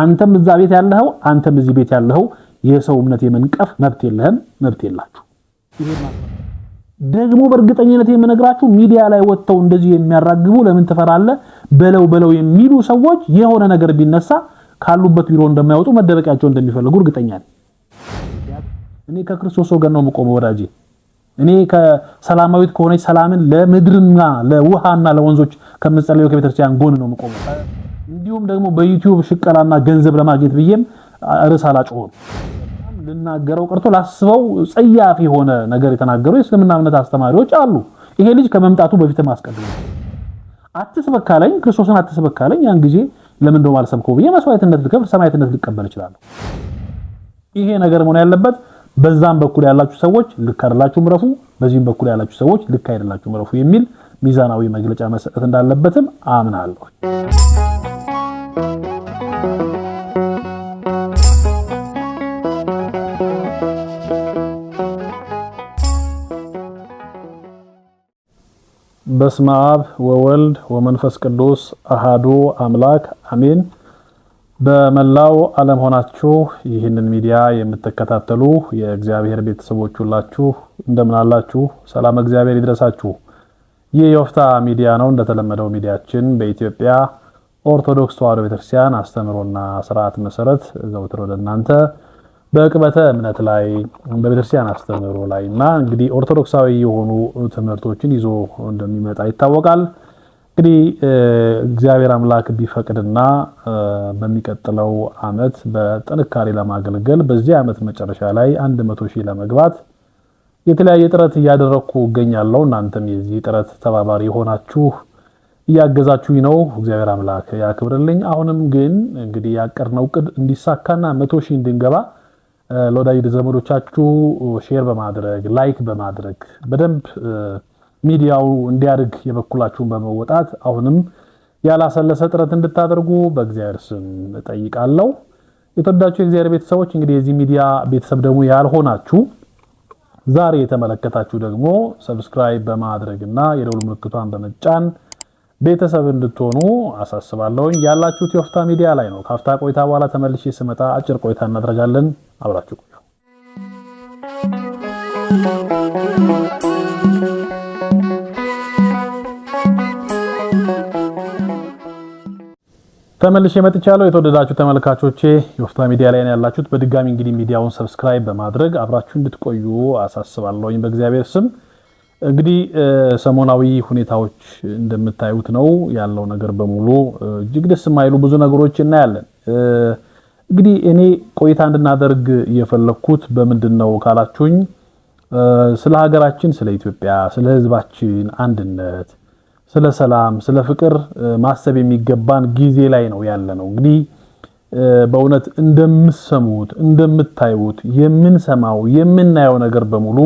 አንተም እዛ ቤት ያለኸው አንተም እዚህ ቤት ያለኸው የሰው እምነት የመንቀፍ መብት የለህም፣ መብት የላችሁ። ደግሞ በእርግጠኝነት የምነግራችሁ ሚዲያ ላይ ወጥተው እንደዚህ የሚያራግቡ ለምን ትፈራለህ በለው በለው የሚሉ ሰዎች የሆነ ነገር ቢነሳ ካሉበት ቢሮ እንደማይወጡ መደበቂያቸው እንደሚፈልጉ እርግጠኛ ነኝ። እኔ ከክርስቶስ ወገን ነው የምቆመው ወዳጄ። እኔ ከሰላማዊት ከሆነች ሰላምን ለምድርና ለውሃና ለወንዞች ከምጸለየው ከቤተክርስቲያን ጎን ነው የምቆመው። እንዲሁም ደግሞ በዩቲዩብ ሽቀላና ገንዘብ ለማግኘት ብዬም ርዕስ አላጮሆም። ልናገረው ቀርቶ ላስበው ጸያፍ የሆነ ነገር የተናገሩ የእስልምና እምነት አስተማሪዎች አሉ። ይሄ ልጅ ከመምጣቱ በፊትም አስቀድሞ አትስበክ አለኝ፣ ክርስቶስን አትስበክ አለኝ። ያን ጊዜ ለምን ደው አልሰምከው ብዬ መስዋዕትነት ልከፍል ሰማዕትነት ልቀበል እችላለሁ። ይሄ ነገር መሆን ያለበት በዛም በኩል ያላችሁ ሰዎች ልክ አይደላችሁም ረፉ፣ በዚህም በኩል ያላችሁ ሰዎች ልክ አይደላችሁም ረፉ የሚል ሚዛናዊ መግለጫ መሰጠት እንዳለበትም አምናለሁ። በስመ አብ ወወልድ ወመንፈስ ቅዱስ አሃዱ አምላክ አሜን። በመላው ዓለም ሆናችሁ ይህንን ሚዲያ የምትከታተሉ የእግዚአብሔር ቤተሰቦች ሁላችሁ እንደምን አላችሁ? ሰላም እግዚአብሔር ይድረሳችሁ። ይህ የወፍታ ሚዲያ ነው። እንደተለመደው ሚዲያችን በኢትዮጵያ ኦርቶዶክስ ተዋህዶ ቤተክርስቲያን አስተምሮና ስርዓት መሰረት ዘውትር ወደ እናንተ በቅበተ እምነት ላይ በቤተክርስቲያን አስተምሮ ላይ እና እንግዲህ ኦርቶዶክሳዊ የሆኑ ትምህርቶችን ይዞ እንደሚመጣ ይታወቃል። እንግዲህ እግዚአብሔር አምላክ ቢፈቅድና በሚቀጥለው ዓመት በጥንካሬ ለማገልገል በዚህ ዓመት መጨረሻ ላይ አንድ መቶ ሺህ ለመግባት የተለያየ ጥረት እያደረግኩ እገኛለሁ። እናንተም የዚህ ጥረት ተባባሪ የሆናችሁ እያገዛችሁኝ ነው። እግዚአብሔር አምላክ ያክብርልኝ። አሁንም ግን እንግዲህ ያቀድነው እቅድ እንዲሳካና መቶ ሺህ እንድንገባ ለወዳጅ ዘመዶቻችሁ ሼር በማድረግ ላይክ በማድረግ በደንብ ሚዲያው እንዲያድግ የበኩላችሁን በመወጣት አሁንም ያላሰለሰ ጥረት እንድታደርጉ በእግዚአብሔር ስም እጠይቃለሁ። የተወዳችሁ የእግዚአብሔር ቤተሰቦች እንግዲህ የዚህ ሚዲያ ቤተሰብ ደግሞ ያልሆናችሁ ዛሬ የተመለከታችሁ ደግሞ ሰብስክራይብ በማድረግ እና የደውል ምልክቷን በመጫን ቤተሰብ እንድትሆኑ አሳስባለሁኝ። ያላችሁት የወፍታ ሚዲያ ላይ ነው። ከአፍታ ቆይታ በኋላ ተመልሼ ስመጣ አጭር ቆይታ እናደርጋለን። አብራችሁ ቆዩ። ተመልሼ መጥቻለሁ። የተወደዳችሁ ተመልካቾቼ የወፍታ ሚዲያ ላይ ነው ያላችሁት። በድጋሚ እንግዲህ ሚዲያውን ሰብስክራይብ በማድረግ አብራችሁ እንድትቆዩ አሳስባለሁኝ በእግዚአብሔር ስም እንግዲህ ሰሞናዊ ሁኔታዎች እንደምታዩት ነው ያለው ነገር በሙሉ እጅግ ደስ የማይሉ ብዙ ነገሮች እናያለን። እንግዲህ እኔ ቆይታ እንድናደርግ የፈለግኩት በምንድን ነው ካላችሁኝ ስለ ሀገራችን፣ ስለ ኢትዮጵያ፣ ስለ ሕዝባችን አንድነት፣ ስለ ሰላም፣ ስለ ፍቅር ማሰብ የሚገባን ጊዜ ላይ ነው ያለ ነው። እንግዲህ በእውነት እንደምሰሙት እንደምታዩት የምንሰማው የምናየው ነገር በሙሉ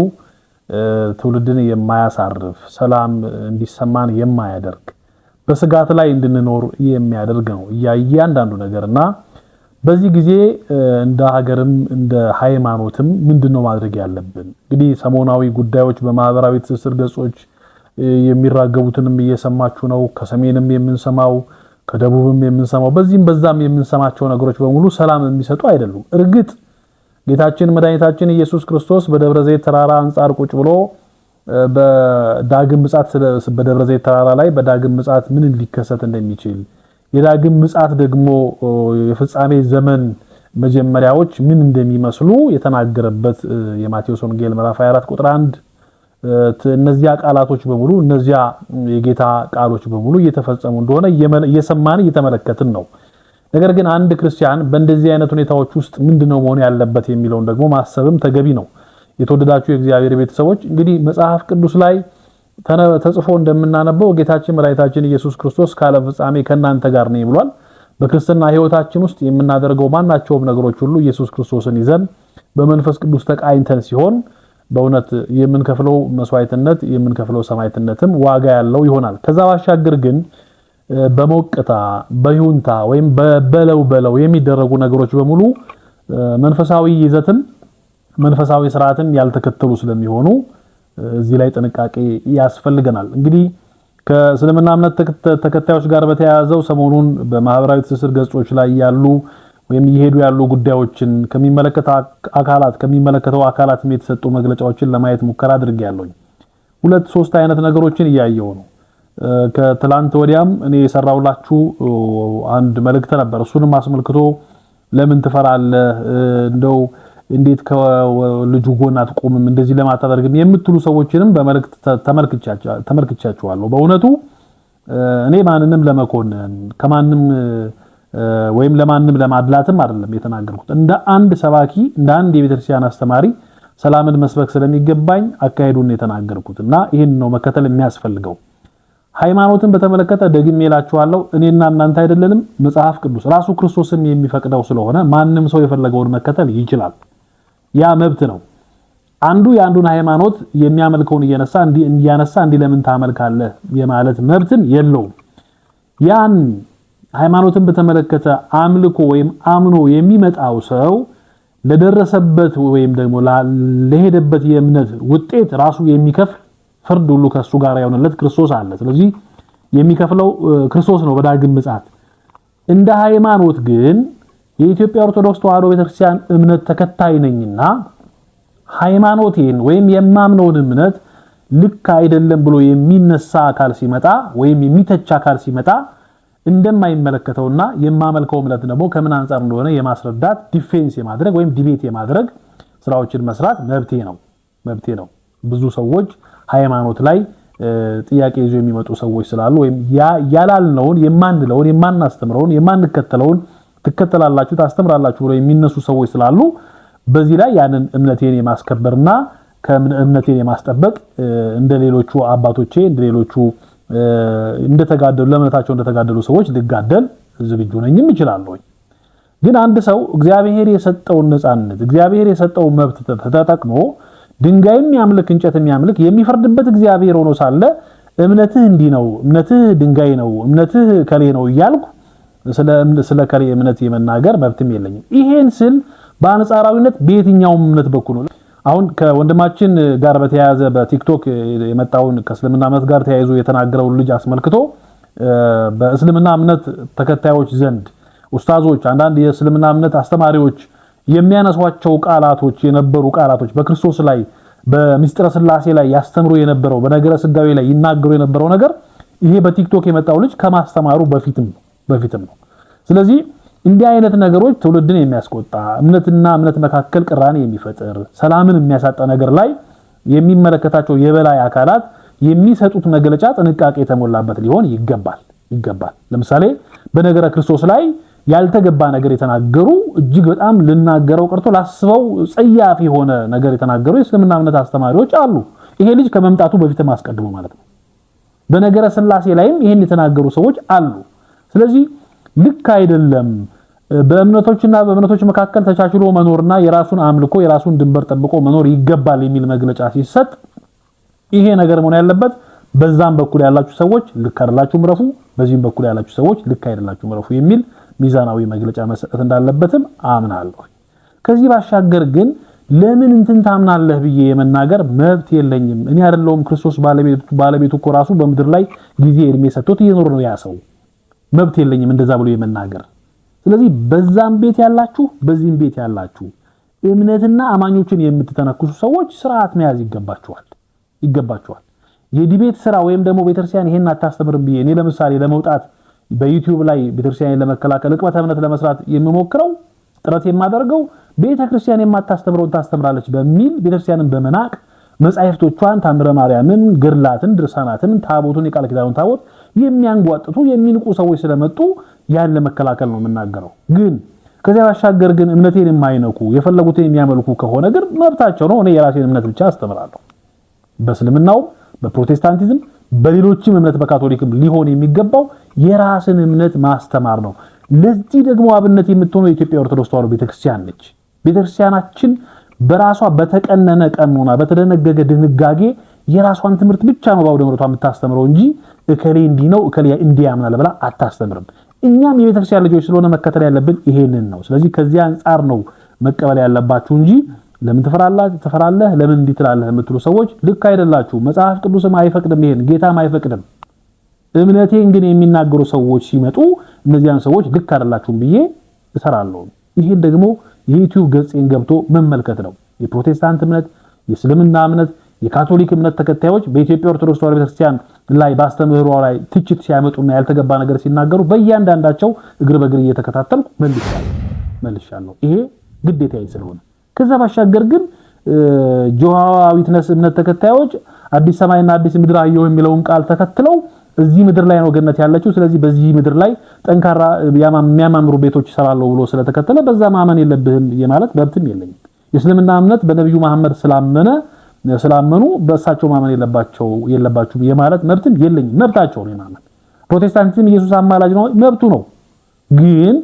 ትውልድን የማያሳርፍ ሰላም እንዲሰማን የማያደርግ በስጋት ላይ እንድንኖር የሚያደርግ ነው እያንዳንዱ ነገር እና በዚህ ጊዜ እንደ ሀገርም እንደ ሃይማኖትም ምንድን ነው ማድረግ ያለብን? እንግዲህ ሰሞናዊ ጉዳዮች በማህበራዊ ትስስር ገጾች የሚራገቡትንም እየሰማችሁ ነው። ከሰሜንም የምንሰማው ከደቡብም የምንሰማው በዚህም በዛም የምንሰማቸው ነገሮች በሙሉ ሰላም የሚሰጡ አይደሉም። እርግጥ ጌታችን መድኃኒታችን ኢየሱስ ክርስቶስ በደብረ ዘይት ተራራ አንጻር ቁጭ ብሎ በዳግም ምጻት በደብረ ዘይት ተራራ ላይ በዳግም ምጻት ምን ሊከሰት እንደሚችል የዳግም ምጻት ደግሞ የፍጻሜ ዘመን መጀመሪያዎች ምን እንደሚመስሉ የተናገረበት የማቴዎስ ወንጌል ምዕራፍ 24 ቁጥር 1 እነዚያ ቃላቶች በሙሉ እነዚያ የጌታ ቃሎች በሙሉ እየተፈጸሙ እንደሆነ እየሰማን እየተመለከትን ነው። ነገር ግን አንድ ክርስቲያን በእንደዚህ አይነት ሁኔታዎች ውስጥ ምንድነው መሆን ያለበት የሚለውን ደግሞ ማሰብም ተገቢ ነው። የተወደዳችሁ የእግዚአብሔር ቤተሰቦች እንግዲህ መጽሐፍ ቅዱስ ላይ ተጽፎ እንደምናነበው ጌታችን መድኃኒታችን ኢየሱስ ክርስቶስ ከዓለም ፍጻሜ ከእናንተ ጋር ነኝ ብሏል። በክርስትና ሕይወታችን ውስጥ የምናደርገው ማናቸውም ነገሮች ሁሉ ኢየሱስ ክርስቶስን ይዘን በመንፈስ ቅዱስ ተቃኝተን ሲሆን በእውነት የምንከፍለው መስዋዕትነት የምንከፍለው ሰማዕትነትም ዋጋ ያለው ይሆናል። ከዛ ባሻገር ግን በሞቅታ በይሁንታ ወይም በበለው በለው የሚደረጉ ነገሮች በሙሉ መንፈሳዊ ይዘትን መንፈሳዊ ስርዓትን ያልተከተሉ ስለሚሆኑ እዚህ ላይ ጥንቃቄ ያስፈልገናል። እንግዲህ ከእስልምና እምነት ተከታዮች ጋር በተያያዘው ሰሞኑን በማህበራዊ ትስስር ገጾች ላይ ያሉ ወይም እየሄዱ ያሉ ጉዳዮችን ከሚመለከተው አካላት ከሚመለከተው አካላት የተሰጡ መግለጫዎችን ለማየት ሙከራ አድርጌያለሁ። ሁለት ሶስት አይነት ነገሮችን እያየሁ ነው። ከትላንት ወዲያም እኔ የሰራውላችሁ አንድ መልእክት ነበር። እሱንም አስመልክቶ ለምን ትፈራለህ እንደው እንዴት ከልጁ ጎን አትቆምም እንደዚህ ለማታደርግም የምትሉ ሰዎችንም በመልእክት ተመልክቻችኋለሁ። በእውነቱ እኔ ማንንም ለመኮንን ከማንም ወይም ለማንም ለማድላትም አይደለም የተናገርኩት። እንደ አንድ ሰባኪ፣ እንደ አንድ የቤተክርስቲያን አስተማሪ ሰላምን መስበክ ስለሚገባኝ አካሄዱን የተናገርኩት እና ይህን ነው መከተል የሚያስፈልገው። ሃይማኖትን በተመለከተ ደግሜ እላችኋለሁ እኔና እናንተ አይደለንም፣ መጽሐፍ ቅዱስ ራሱ ክርስቶስም የሚፈቅደው ስለሆነ ማንም ሰው የፈለገውን መከተል ይችላል። ያ መብት ነው። አንዱ የአንዱን ሃይማኖት የሚያመልከውን እየነሳ እያነሳ እንዲህ ለምን ታመልካለህ የማለት መብትም የለውም። ያን ሃይማኖትን በተመለከተ አምልኮ ወይም አምኖ የሚመጣው ሰው ለደረሰበት ወይም ደግሞ ለሄደበት የእምነት ውጤት ራሱ የሚከፍል ፍርድ ሁሉ ከሱ ጋር የሆነለት ክርስቶስ አለ። ስለዚህ የሚከፍለው ክርስቶስ ነው በዳግም ምጽአት። እንደ ሃይማኖት ግን የኢትዮጵያ ኦርቶዶክስ ተዋሕዶ ቤተክርስቲያን እምነት ተከታይ ነኝና ሃይማኖቴን ወይም የማምነውን እምነት ልክ አይደለም ብሎ የሚነሳ አካል ሲመጣ ወይም የሚተች አካል ሲመጣ እንደማይመለከተውና የማመልከው እምነት ደግሞ ከምን አንጻር እንደሆነ የማስረዳት ዲፌንስ የማድረግ ወይም ዲቤት የማድረግ ስራዎችን መስራት መብቴ ነው መብቴ ነው። ብዙ ሰዎች ሃይማኖት ላይ ጥያቄ ይዞ የሚመጡ ሰዎች ስላሉ ወይም ያላልነውን የማንለውን የማናስተምረውን የማንከተለውን ትከተላላችሁ ታስተምራላችሁ ብለው የሚነሱ ሰዎች ስላሉ በዚህ ላይ ያንን እምነቴን የማስከበርና ከእምነቴን የማስጠበቅ እንደሌሎቹ አባቶቼ ሌሎቹ እንደተጋደሉ ለእምነታቸው እንደተጋደሉ ሰዎች ልጋደል ዝግጁ ነኝም ይችላለሁኝ። ግን አንድ ሰው እግዚአብሔር የሰጠውን ነፃነት እግዚአብሔር የሰጠውን መብት ተጠቅሞ ድንጋይ የሚያምልክ እንጨት የሚያምልክ የሚፈርድበት እግዚአብሔር ሆኖ ሳለ እምነትህ እንዲህ ነው፣ እምነትህ ድንጋይ ነው፣ እምነትህ ከሌ ነው እያልኩ ስለ ከሌ እምነት የመናገር መብትም የለኝም። ይሄን ስል በአንጻራዊነት በየትኛውም እምነት በኩል ነው። አሁን ከወንድማችን ጋር በተያያዘ በቲክቶክ የመጣውን ከእስልምና እምነት ጋር ተያይዞ የተናገረውን ልጅ አስመልክቶ በእስልምና እምነት ተከታዮች ዘንድ ኡስታዞች፣ አንዳንድ የእስልምና እምነት አስተማሪዎች የሚያነሷቸው ቃላቶች የነበሩ ቃላቶች በክርስቶስ ላይ በምስጢረ ስላሴ ላይ ያስተምሩ የነበረው በነገረ ስጋዌ ላይ ይናገሩ የነበረው ነገር ይሄ በቲክቶክ የመጣው ልጅ ከማስተማሩ በፊትም ነው በፊትም ነው። ስለዚህ እንዲህ አይነት ነገሮች ትውልድን የሚያስቆጣ እምነትና እምነት መካከል ቅራኔ የሚፈጥር ሰላምን የሚያሳጣ ነገር ላይ የሚመለከታቸው የበላይ አካላት የሚሰጡት መግለጫ ጥንቃቄ የተሞላበት ሊሆን ይገባል ይገባል። ለምሳሌ በነገረ ክርስቶስ ላይ ያልተገባ ነገር የተናገሩ እጅግ በጣም ልናገረው ቀርቶ ላስበው ጸያፍ የሆነ ነገር የተናገሩ የእስልምና እምነት አስተማሪዎች አሉ። ይሄ ልጅ ከመምጣቱ በፊትም አስቀድሞ ማለት ነው። በነገረ ስላሴ ላይም ይህን የተናገሩ ሰዎች አሉ። ስለዚህ ልክ አይደለም። በእምነቶችና በእምነቶች መካከል ተቻችሎ መኖርና የራሱን አምልኮ የራሱን ድንበር ጠብቆ መኖር ይገባል የሚል መግለጫ ሲሰጥ ይሄ ነገር መሆን ያለበት በዛም በኩል ያላችሁ ሰዎች ልክ አይደላችሁም ረፉ፣ በዚህም በኩል ያላችሁ ሰዎች ልክ አይደላችሁም የሚል ሚዛናዊ መግለጫ መሰጠት እንዳለበትም አምናለሁ። ከዚህ ባሻገር ግን ለምን እንትን ታምናለህ ብዬ የመናገር መብት የለኝም። እኔ አይደለሁም ክርስቶስ ባለቤቱ እኮ ራሱ በምድር ላይ ጊዜ እድሜ ሰጥቶት እየኖር ነው ያ ሰው። መብት የለኝም እንደዛ ብሎ የመናገር። ስለዚህ በዛም ቤት ያላችሁ፣ በዚህም ቤት ያላችሁ እምነትና አማኞችን የምትተነክሱ ሰዎች ስርዓት መያዝ ይገባችኋል ይገባችኋል። የዲቤት ስራ ወይም ደግሞ ቤተክርስቲያን ይሄን አታስተምርም ብዬ እኔ ለምሳሌ ለመውጣት በዩቲዩብ ላይ ቤተክርስቲያን ለመከላከል እቅበተ እምነት ለመስራት የምሞክረው ጥረት የማደርገው ቤተክርስቲያን የማታስተምረውን ታስተምራለች በሚል ቤተክርስቲያንን በመናቅ መጻሕፍቶቿን፣ ታምረ ማርያምን፣ ግርላትን፣ ድርሳናትን፣ ታቦቱን፣ የቃል ኪዳኑን ታቦት የሚያንጓጥጡ የሚንቁ ሰዎች ስለመጡ ያን ለመከላከል ነው የምናገረው። ግን ከዚያ ባሻገር ግን እምነቴን የማይነኩ የፈለጉትን የሚያመልኩ ከሆነ ግን መብታቸው ነው። እኔ የራሴን እምነት ብቻ አስተምራለሁ። በእስልምናውም በፕሮቴስታንቲዝም በሌሎችም እምነት በካቶሊክም ሊሆን የሚገባው የራስን እምነት ማስተማር ነው። ለዚህ ደግሞ አብነት የምትሆነው የኢትዮጵያ ኦርቶዶክስ ተዋሕዶ ቤተክርስቲያን ነች። ቤተክርስቲያናችን በራሷ በተቀነነ ቀኖና በተደነገገ ድንጋጌ የራሷን ትምህርት ብቻ ነው በአውደ ምሕረቷ የምታስተምረው እንጂ እከሌ እንዲህ ነው እከሌ እንዲህ ያምናል ብላ አታስተምርም። እኛም የቤተክርስቲያን ልጆች ስለሆነ መከተል ያለብን ይሄንን ነው። ስለዚህ ከዚህ አንጻር ነው መቀበል ያለባችሁ እንጂ ለምን ትፈራላችሁ ትፈራለህ ለምን እንዲህ ትላለህ የምትሉ ሰዎች ልክ አይደላችሁ መጽሐፍ ቅዱስም አይፈቅድም ይሄን ጌታም አይፈቅድም እምነቴን ግን የሚናገሩ ሰዎች ሲመጡ እነዚያን ሰዎች ልክ አይደላችሁም ብዬ እሰራለሁ ይሄን ደግሞ የዩቲዩብ ገጽን ገብቶ መመልከት ነው የፕሮቴስታንት እምነት የእስልምና እምነት የካቶሊክ እምነት ተከታዮች በኢትዮጵያ ኦርቶዶክስ ተዋህዶ ቤተክርስቲያን ላይ በአስተምህሯ ላይ ትችት ሲያመጡና ያልተገባ ነገር ሲናገሩ በእያንዳንዳቸው እግር በእግር እየተከታተልኩ መልሻለሁ መልሻለሁ ይሄ ግዴታ ስለሆነ ከዛ ባሻገር ግን ጆሃዊት እምነት ተከታዮች አዲስ ሰማይና አዲስ ምድር አየሁ የሚለውን ቃል ተከትለው እዚህ ምድር ላይ ነው ገነት ያለችው። ስለዚህ በዚህ ምድር ላይ ጠንካራ የሚያማምሩ ቤቶች ይሰራሉ ብሎ ስለተከተለ በዛ ማመን የለብህም የማለት መብትም የለኝም። የእስልምና እምነት በነቢዩ መሐመድ ስላመነ ስላመኑ በእሳቸው ማመን የለባቸው የለባችሁም የማለት መብትም የለኝም። መብታቸው ነው የማመን። ፕሮቴስታንቲዝም ኢየሱስ አማላጅ ነው መብቱ ነው። ግን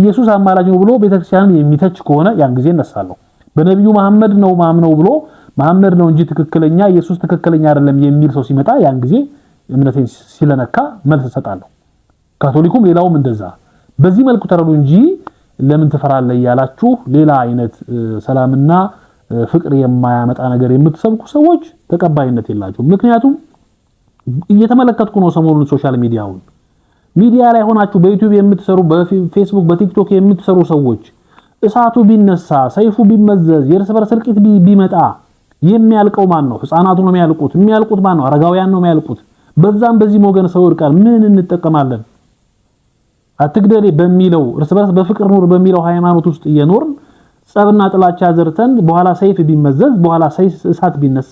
ኢየሱስ አማላጅ ነው ብሎ ቤተክርስቲያንን የሚተች ከሆነ ያን ጊዜ እነሳለሁ። በነቢዩ መሐመድ ነው ማምነው ብሎ መሐመድ ነው እንጂ ትክክለኛ ኢየሱስ ትክክለኛ አይደለም የሚል ሰው ሲመጣ ያን ጊዜ እምነቴን ሲለነካ መልስ እሰጣለሁ። ካቶሊኩም ሌላውም እንደዛ በዚህ መልኩ ተረዱ እንጂ ለምን ትፈራለህ እያላችሁ ሌላ አይነት ሰላምና ፍቅር የማያመጣ ነገር የምትሰብኩ ሰዎች ተቀባይነት የላቸውም። ምክንያቱም እየተመለከትኩ ነው ሰሞኑን ሶሻል ሚዲያውን ሚዲያ ላይ ሆናችሁ በዩቲዩብ የምትሰሩ በፌስቡክ በቲክቶክ የምትሰሩ ሰዎች እሳቱ ቢነሳ ሰይፉ ቢመዘዝ የእርስ በርስ እልቂት ቢመጣ የሚያልቀው ማን ነው? ህፃናቱ ነው የሚያልቁት። የሚያልቁት ማን ነው? አረጋውያን ነው የሚያልቁት። በዛም በዚህም ወገን ሰው ይወድቃል። ምን እንጠቀማለን? አትግደሌ በሚለው እርስ በርስ በፍቅር ኑር በሚለው ሃይማኖት ውስጥ እየኖርን ጸብና ጥላቻ ዘርተን በኋላ ሰይፍ ቢመዘዝ በኋላ ሰይፍ እሳት ቢነሳ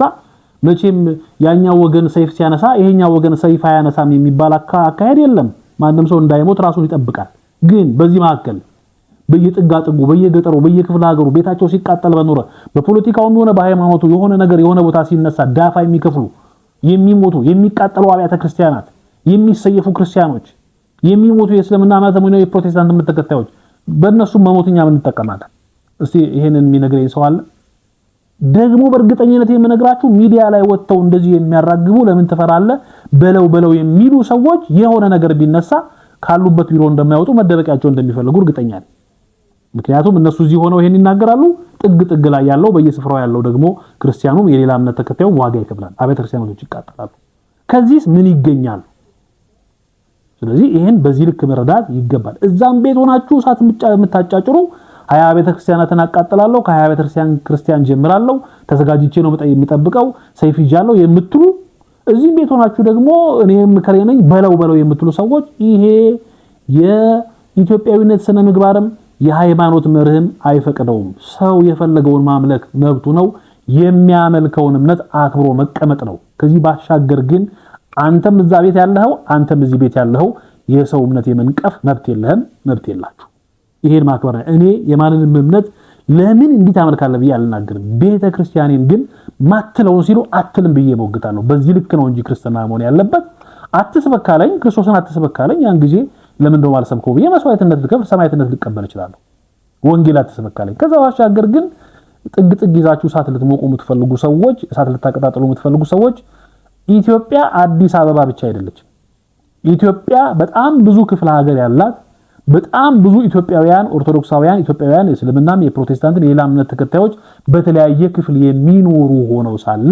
መቼም ያኛው ወገን ሰይፍ ሲያነሳ ይሄኛው ወገን ሰይፍ አያነሳም የሚባል አካሄድ የለም። ማንም ሰው እንዳይሞት ራሱን ይጠብቃል። ግን በዚህ መካከል በየጥጋጥጉ በየገጠሩ በየክፍለ ሀገሩ ቤታቸው ሲቃጠል በኖረ በፖለቲካውም ሆነ በሃይማኖቱ የሆነ ነገር የሆነ ቦታ ሲነሳ ዳፋ የሚከፍሉ የሚሞቱ የሚቃጠሉ አብያተ ክርስቲያናት የሚሰየፉ ክርስቲያኖች የሚሞቱ የእስልምና ማለት ነው የፕሮቴስታንት ተከታዮች በእነሱ መሞትኛ ምን እንጠቀማለን? እስቲ ይሄንን የሚነግረኝ ሰው አለ? ደግሞ በእርግጠኝነት የምነግራችሁ ሚዲያ ላይ ወጥተው እንደዚህ የሚያራግቡ ለምን ትፈራለህ በለው በለው የሚሉ ሰዎች የሆነ ነገር ቢነሳ ካሉበት ቢሮ እንደማይወጡ መደበቂያቸው እንደሚፈልጉ እርግጠኛ ነኝ። ምክንያቱም እነሱ እዚህ ሆነው ይሄን ይናገራሉ። ጥግ ጥግ ላይ ያለው በየስፍራው ያለው ደግሞ ክርስቲያኑም የሌላ እምነት ተከታዩም ዋጋ ይከፍላል። አብያተ ክርስቲያኖች ይቃጠላሉ። ከዚህስ ምን ይገኛል? ስለዚህ ይህን በዚህ ልክ መረዳት ይገባል። እዛም ቤት ሆናችሁ እሳት የምታጫጭሩ ሀያ ቤተ ክርስቲያናትን አቃጥላለሁ፣ ከሀያ ቤተ ክርስቲያን ክርስቲያን ጀምራለሁ፣ ተዘጋጅቼ ነው የሚጠብቀው ሰይፍ ይዣለሁ የምትሉ እዚህም ቤት ሆናችሁ ደግሞ እኔም ከሬ ነኝ በለው በለው የምትሉ ሰዎች ይሄ የኢትዮጵያዊነት ስነ ምግባርም የሃይማኖት መርህም አይፈቅደውም። ሰው የፈለገውን ማምለክ መብቱ ነው። የሚያመልከውን እምነት አክብሮ መቀመጥ ነው። ከዚህ ባሻገር ግን አንተም እዛ ቤት ያለኸው አንተም እዚህ ቤት ያለኸው የሰው እምነት የመንቀፍ መብት የለህም፣ መብት የላችሁ። ይሄን ማክበር ነው። እኔ የማንንም እምነት ለምን እንዲህ ታመልካለህ ብዬ አልናገርም። ቤተ ክርስቲያኔን ግን ማትለውን ሲሉ አትልም ብዬ ሞግታለሁ። በዚህ ልክ ነው እንጂ ክርስትና መሆን ያለበት። አትስበካለኝ፣ ክርስቶስን አትስበካለኝ ያን ጊዜ ለምን እንደውም አልሰምከው ብዬ መስዋዕትነት ልከፍል ሰማዕትነት ልቀበል እችላለሁ። ወንጌል አልተሰበካለኝ። ከዛ ባሻገር ግን ጥግ ጥግ ይዛችሁ እሳት ልትሞቁ የምትፈልጉ ሰዎች፣ እሳት ልታቀጣጥሉ የምትፈልጉ ሰዎች ኢትዮጵያ አዲስ አበባ ብቻ አይደለችም። ኢትዮጵያ በጣም ብዙ ክፍለ ሀገር ያላት በጣም ብዙ ኢትዮጵያውያን ኦርቶዶክሳውያን ኢትዮጵያውያን የእስልምናም የፕሮቴስታንትን የሌላ እምነት ተከታዮች በተለያየ ክፍል የሚኖሩ ሆነው ሳለ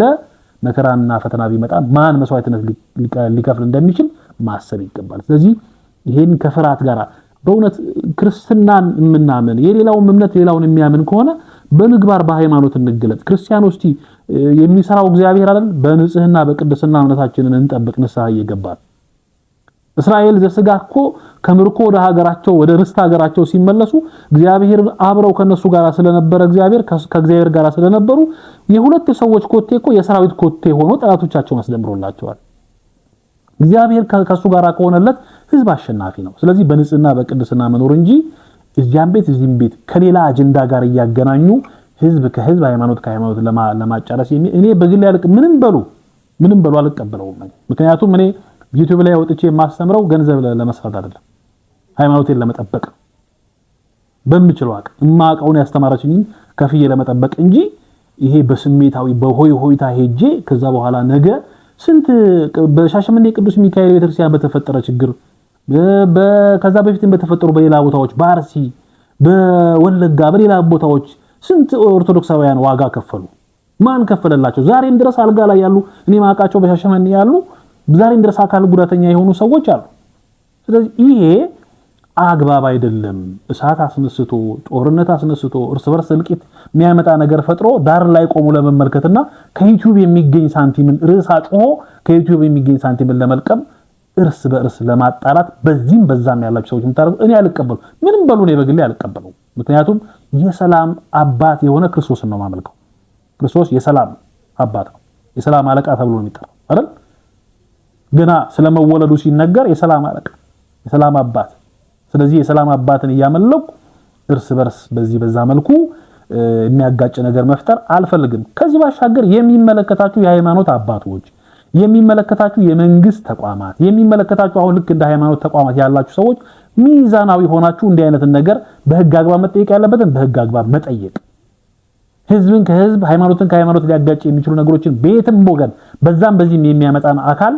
መከራና ፈተና ቢመጣ ማን መስዋዕትነት ሊከፍል እንደሚችል ማሰብ ይገባል። ስለዚህ ይህን ከፍርሃት ጋር በእውነት ክርስትናን የምናምን የሌላውም እምነት ሌላውን የሚያምን ከሆነ በምግባር በሃይማኖት እንገለጥ። ክርስቲያን ውስጥ የሚሰራው እግዚአብሔር አይደል? በንጽህና በቅድስና እምነታችንን እንጠብቅ ንስሐ እየገባል። እስራኤል ዘስጋ እኮ ከምርኮ ወደ ሀገራቸው ወደ ርስት ሀገራቸው ሲመለሱ እግዚአብሔር አብረው ከነሱ ጋር ስለነበረ እግዚአብሔር ከእግዚአብሔር ጋር ስለነበሩ የሁለት ሰዎች ኮቴ እኮ የሰራዊት ኮቴ ሆኖ ጠላቶቻቸውን አስደምሮላቸዋል። እግዚአብሔር ከሱ ጋር ከሆነለት ህዝብ አሸናፊ ነው። ስለዚህ በንጽህና በቅድስና መኖር እንጂ እዚያም ቤት እዚህም ቤት ከሌላ አጀንዳ ጋር እያገናኙ ህዝብ ከህዝብ ሃይማኖት ከሃይማኖት ለማጫረስ እኔ በግል ያልቅ ምንም በሉ ምንም በሉ አልቀበለውም። ምክንያቱም እኔ ዩቲዩብ ላይ ወጥቼ የማስተምረው ገንዘብ ለመስራት አይደለም፣ ሃይማኖቴን ለመጠበቅ በምችለው አቅ እማቀውን ያስተማረችኝ ከፍዬ ለመጠበቅ እንጂ ይሄ በስሜታዊ በሆይ ሆይታ ሄጄ ከዛ በኋላ ነገ ስንት በሻሸመኔ ቅዱስ ሚካኤል ቤተክርስቲያን በተፈጠረ ችግር ከዛ በፊትም በተፈጠሩ በሌላ ቦታዎች በአርሲ በወለጋ በሌላ ቦታዎች ስንት ኦርቶዶክሳውያን ዋጋ ከፈሉ። ማን ከፈለላቸው? ዛሬም ድረስ አልጋ ላይ ያሉ እኔ ማውቃቸው በሻሸመኔ ያሉ ዛሬም ድረስ አካል ጉዳተኛ የሆኑ ሰዎች አሉ። ስለዚህ ይሄ አግባብ አይደለም። እሳት አስነስቶ ጦርነት አስነስቶ እርስ በርስ እልቂት የሚያመጣ ነገር ፈጥሮ ዳር ላይ ቆሞ ለመመልከትና ከዩቲዩብ የሚገኝ ሳንቲምን ርዕስ አጭሆ ከዩቲዩብ የሚገኝ ሳንቲምን ለመልቀም እርስ በእርስ ለማጣላት በዚህም በዛም ያላችሁ ሰዎች የምታደርጉ እኔ አልቀበሉ ምንም በሉ እኔ በግሌ አልቀበለው። ምክንያቱም የሰላም አባት የሆነ ክርስቶስን ነው ማመልከው። ክርስቶስ የሰላም አባት ነው፣ የሰላም አለቃ ተብሎ ነው የሚጠራው አይደል? ገና ስለመወለዱ ሲነገር የሰላም አለቃ፣ የሰላም አባት። ስለዚህ የሰላም አባትን እያመለኩ እርስ በርስ በዚህ በዛ መልኩ የሚያጋጭ ነገር መፍጠር አልፈልግም። ከዚህ ባሻገር የሚመለከታችሁ የሃይማኖት አባቶች የሚመለከታችሁ የመንግስት ተቋማት የሚመለከታችሁ አሁን ልክ እንደ ሃይማኖት ተቋማት ያላችሁ ሰዎች ሚዛናዊ ሆናችሁ እንዲህ አይነትን ነገር በህግ አግባብ መጠየቅ ያለበትን በህግ አግባብ መጠየቅ፣ ህዝብን ከህዝብ ሃይማኖትን ከሃይማኖት ሊያጋጭ የሚችሉ ነገሮችን በየትም ወገን በዛም በዚህም የሚያመጣን አካል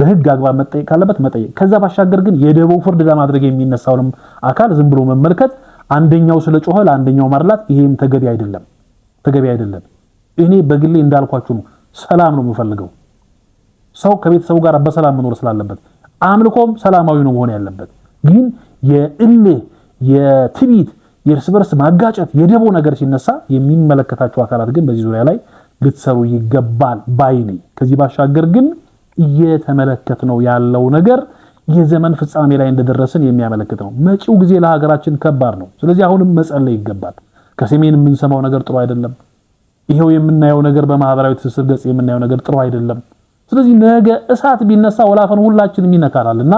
በህግ አግባብ መጠየቅ ካለበት መጠየቅ። ከዛ ባሻገር ግን የደቦ ፍርድ ለማድረግ የሚነሳውንም አካል ዝም ብሎ መመልከት፣ አንደኛው ስለ ጮኸ ለአንደኛው ማርላት ይሄም ተገቢ አይደለም፣ ተገቢ አይደለም። እኔ በግሌ እንዳልኳችሁ ነው። ሰላም ነው የምፈልገው። ሰው ከቤተሰቡ ጋር በሰላም መኖር ስላለበት አምልኮም ሰላማዊ ነው መሆን ያለበት። ግን የእልህ የትቢት የእርስ በርስ ማጋጨት፣ የደቦ ነገር ሲነሳ የሚመለከታቸው አካላት ግን በዚህ ዙሪያ ላይ ልትሰሩ ይገባል ባይ ነኝ። ከዚህ ባሻገር ግን እየተመለከት ነው ያለው ነገር የዘመን ፍጻሜ ላይ እንደደረስን የሚያመለክት ነው። መጪው ጊዜ ለሀገራችን ከባድ ነው። ስለዚህ አሁንም መጸለይ ይገባል። ከሰሜን የምንሰማው ነገር ጥሩ አይደለም። ይሄው የምናየው ነገር በማህበራዊ ትስስር ገጽ የምናየው ነገር ጥሩ አይደለም። ስለዚህ ነገ እሳት ቢነሳ ወላፈን ሁላችንም ይነካናልና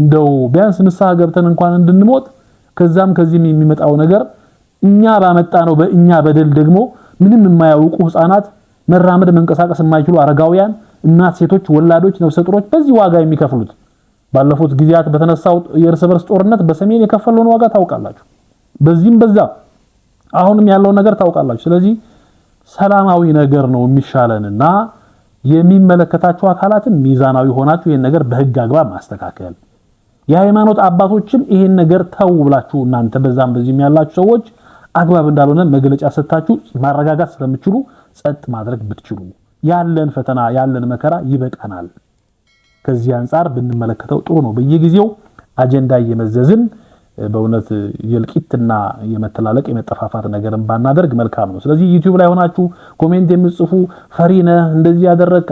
እንደው ቢያንስ ንስሐ ገብተን እንኳን እንድንሞት ከዛም ከዚህም የሚመጣው ነገር እኛ ባመጣ ነው። በእኛ በደል ደግሞ ምንም የማያውቁ ህፃናት፣ መራመድ መንቀሳቀስ የማይችሉ አረጋውያን፣ እናት፣ ሴቶች፣ ወላዶች፣ ነፍሰ ጡሮች በዚህ ዋጋ የሚከፍሉት ባለፉት ጊዜያት በተነሳው የእርስ በርስ ጦርነት በሰሜን የከፈለውን ዋጋ ታውቃላችሁ። በዚህም በዛ አሁንም ያለውን ነገር ታውቃላችሁ። ስለዚህ ሰላማዊ ነገር ነው የሚሻለንና የሚመለከታቸው አካላትም ሚዛናዊ ሆናችሁ ይህን ነገር በህግ አግባብ ማስተካከል፣ የሃይማኖት አባቶችም ይህን ነገር ተው ብላችሁ እናንተ በዛም በዚህም ያላችሁ ሰዎች አግባብ እንዳልሆነ መግለጫ ሰጥታችሁ ማረጋጋት ስለምችሉ ጸጥ ማድረግ ብትችሉ ያለን ፈተና ያለን መከራ ይበቃናል። ከዚህ አንጻር ብንመለከተው ጥሩ ነው። በየጊዜው አጀንዳ እየመዘዝን በእውነት የእልቂትና የመተላለቅ የመጠፋፋት ነገርን ባናደርግ መልካም ነው። ስለዚህ ዩቲዩብ ላይ ሆናችሁ ኮሜንት የምጽፉ ፈሪ ነህ እንደዚህ ያደረግ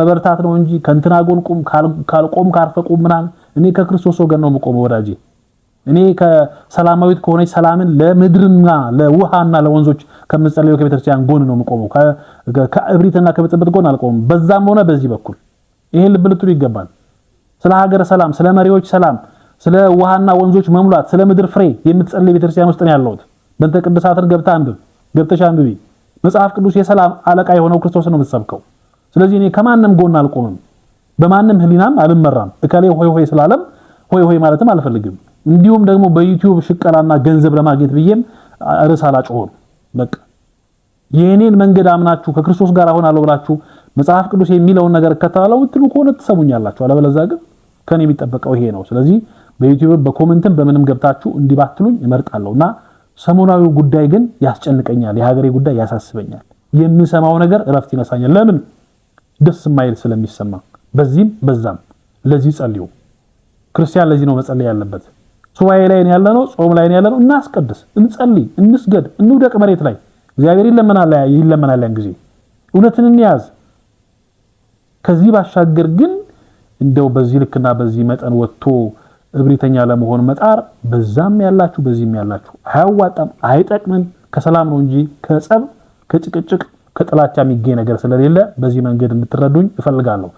መበርታት ነው እንጂ ከእንትና ጎን ቁም ካልቆም ካርፈቁም ምናምን። እኔ ከክርስቶስ ወገን ነው የምቆመው ወዳጄ። እኔ ከሰላማዊት ከሆነች ሰላምን ለምድርና ለውሃና ለወንዞች ከምጸለዩ ከቤተክርስቲያን ጎን ነው የምቆመው። ከእብሪትና ከብጥብጥ ጎን አልቆምም። በዛም ሆነ በዚህ በኩል ይሄን ልብ ልትሉ ይገባል። ስለ ሀገር ሰላም፣ ስለ መሪዎች ሰላም ስለ ውሃና ወንዞች መሙላት፣ ስለ ምድር ፍሬ የምትጸልይ ቤተክርስቲያን ውስጥ ነው ያለሁት። በንተ ቅዱሳትን ገብታ አንብብ፣ ገብተሽ አንብቢ። መጽሐፍ ቅዱስ የሰላም አለቃ የሆነው ክርስቶስ ነው የምትሰብከው። ስለዚህ እኔ ከማንም ጎን አልቆምም፣ በማንም ህሊናም አልመራም። እከሌ ሆይ ሆይ ስላለም ሆይ ሆይ ማለትም አልፈልግም። እንዲሁም ደግሞ በዩቲዩብ ሽቀላና ገንዘብ ለማግኘት ብዬም ርዕስ አላጮሆም። በቃ የእኔን መንገድ አምናችሁ ከክርስቶስ ጋር አለው ብላችሁ መጽሐፍ ቅዱስ የሚለውን ነገር እከተላለሁ ብትሉ ከሆነ ትሰሙኛላችሁ። አለበለዚያ ግን ከኔ የሚጠበቀው ይሄ ነው። ስለዚህ በዩቲዩብ በኮመንትም በምንም ገብታችሁ እንዲባትሉኝ እመርጣለሁ እና ሰሞናዊ ጉዳይ ግን ያስጨንቀኛል። የሀገሬ ጉዳይ ያሳስበኛል። የምሰማው ነገር እረፍት ይነሳኛል። ለምን ደስ የማይል ስለሚሰማ በዚህም በዛም። ለዚህ ጸልዩ። ክርስቲያን ለዚህ ነው መጸለይ ያለበት። ሱባኤ ላይ ያለ ነው፣ ጾም ላይ ያለ ነው። እናስቀድስ፣ እንጸልይ፣ እንስገድ፣ እንውደቅ መሬት ላይ እግዚአብሔር ይለመናል። ያን ጊዜ እውነትን እንያዝ። ከዚህ ባሻገር ግን እንደው በዚህ ልክና በዚህ መጠን ወጥቶ እብሪተኛ ለመሆን መጣር በዛም ያላችሁ በዚህም ያላችሁ አያዋጣም፣ አይጠቅምም። ከሰላም ነው እንጂ ከጸብ ከጭቅጭቅ ከጥላቻ የሚገኝ ነገር ስለሌለ በዚህ መንገድ እንድትረዱኝ እፈልጋለሁ።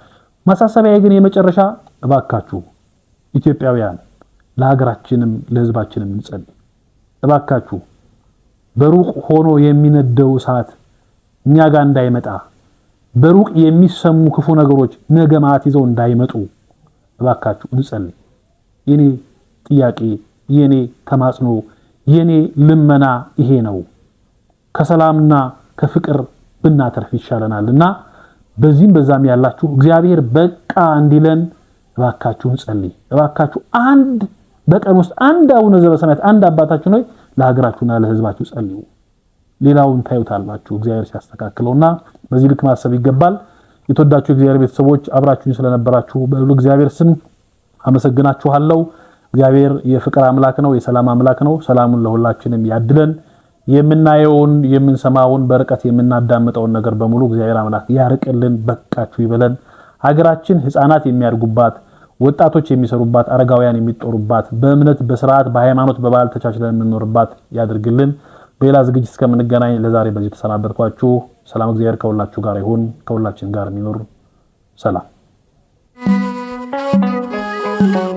ማሳሰቢያ ግን የመጨረሻ እባካችሁ ኢትዮጵያውያን ለሀገራችንም ለሕዝባችንም እንጸልይ። እባካችሁ በሩቅ ሆኖ የሚነደው እሳት እኛ ጋር እንዳይመጣ፣ በሩቅ የሚሰሙ ክፉ ነገሮች ነገ ይዘው እንዳይመጡ እባካችሁ እንጸልይ። የኔ ጥያቄ፣ የኔ ተማጽኖ፣ የኔ ልመና ይሄ ነው። ከሰላምና ከፍቅር ብናተርፍ ይሻለናል እና በዚህም በዛም ያላችሁ እግዚአብሔር በቃ እንዲለን እባካችሁ እንጸልይ። እባካችሁ አንድ በቀን ውስጥ አንድ አቡነ ዘበሰማያት አንድ አባታችን ሆይ ለሀገራችሁና ለሕዝባችሁ ጸልዩ። ሌላውን ታዩታላችሁ እግዚአብሔር ሲያስተካክለውና በዚህ ልክ ማሰብ ይገባል። የተወዳችሁ እግዚአብሔር ቤተሰቦች አብራችሁኝ ስለነበራችሁ በሉ እግዚአብሔር ስም አመሰግናችኋለሁ። እግዚአብሔር የፍቅር አምላክ ነው፣ የሰላም አምላክ ነው። ሰላሙን ለሁላችንም ያድለን። የምናየውን የምንሰማውን፣ በርቀት የምናዳምጠውን ነገር በሙሉ እግዚአብሔር አምላክ ያርቅልን፣ በቃችሁ ይበለን። ሀገራችን ህፃናት የሚያድጉባት ወጣቶች የሚሰሩባት፣ አረጋውያን የሚጦሩባት፣ በእምነት በስርዓት በሃይማኖት በባህል ተቻችለን የምንኖርባት ያድርግልን። በሌላ ዝግጅት እስከምንገናኝ ለዛሬ በዚህ ተሰናበትኳችሁ። ሰላም፣ እግዚአብሔር ከሁላችሁ ጋር ይሁን፣ ከሁላችን ጋር የሚኖር ሰላም Thank you.